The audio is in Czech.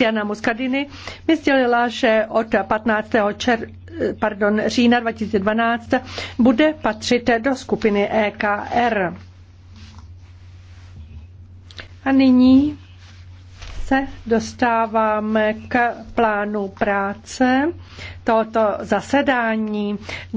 Tiana Muscadini mi sdělila, že od 15. Čer, pardon, října 2012 bude patřit do skupiny EKR. A nyní se dostáváme k plánu práce tohoto zasedání.